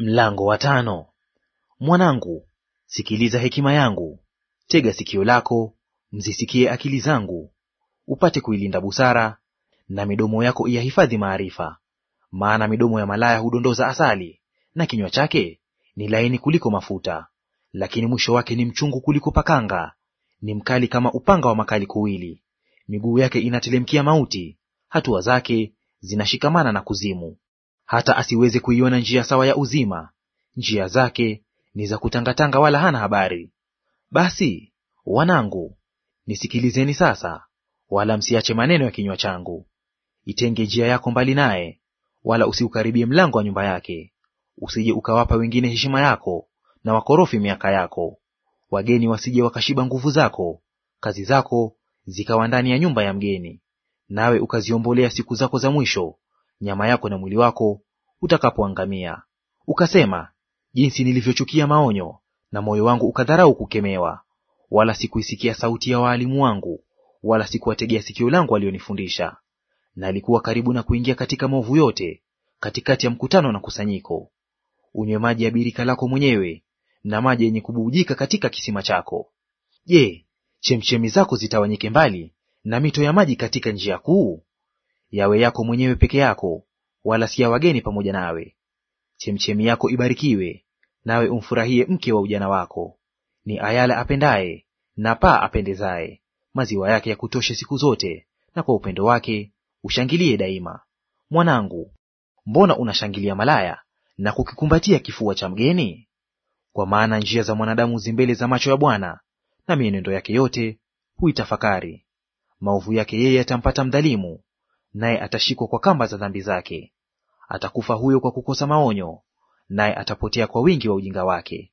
Mlango wa tano. Mwanangu, sikiliza hekima yangu, tega sikio lako mzisikie akili zangu, upate kuilinda busara, na midomo yako iyahifadhi maarifa. Maana midomo ya malaya hudondoza asali, na kinywa chake ni laini kuliko mafuta, lakini mwisho wake ni mchungu kuliko pakanga, ni mkali kama upanga wa makali kuwili. Miguu yake inatelemkia mauti, hatua zake zinashikamana na kuzimu hata asiweze kuiona njia sawa ya uzima; njia zake ni za kutangatanga, wala hana habari. Basi wanangu, nisikilizeni sasa, wala msiache maneno ya kinywa changu. Itenge njia yako mbali naye, wala usiukaribie mlango wa nyumba yake, usije ukawapa wengine heshima yako, na wakorofi miaka yako; wageni wasije wakashiba nguvu zako, kazi zako zikawa ndani ya nyumba ya mgeni, nawe ukaziombolea siku zako za mwisho nyama yako na mwili wako utakapoangamia. Ukasema, jinsi nilivyochukia maonyo, na moyo wangu ukadharau kukemewa! Wala sikuisikia sauti ya waalimu wangu, wala sikuwategea sikio langu walionifundisha. Nalikuwa karibu na kuingia katika maovu yote, katikati ya mkutano na kusanyiko. Unywe maji ya birika lako mwenyewe, na maji yenye kububujika katika kisima chako. Je, chemchemi zako zitawanyike mbali na mito ya maji katika njia kuu? yawe yako mwenyewe peke yako, wala si ya wageni pamoja nawe. Chemchemi yako ibarikiwe, nawe umfurahie mke wa ujana wako. Ni ayala apendaye na paa apendezaye, maziwa yake ya kutosha siku zote, na kwa upendo wake ushangilie daima. Mwanangu, mbona unashangilia malaya na kukikumbatia kifua cha mgeni? Kwa maana njia za mwanadamu zi mbele za macho ya Bwana, na mienendo yake yote huitafakari. Maovu yake yeye yatampata mdhalimu, naye atashikwa kwa kamba za dhambi zake. Atakufa huyo kwa kukosa maonyo, naye atapotea kwa wingi wa ujinga wake.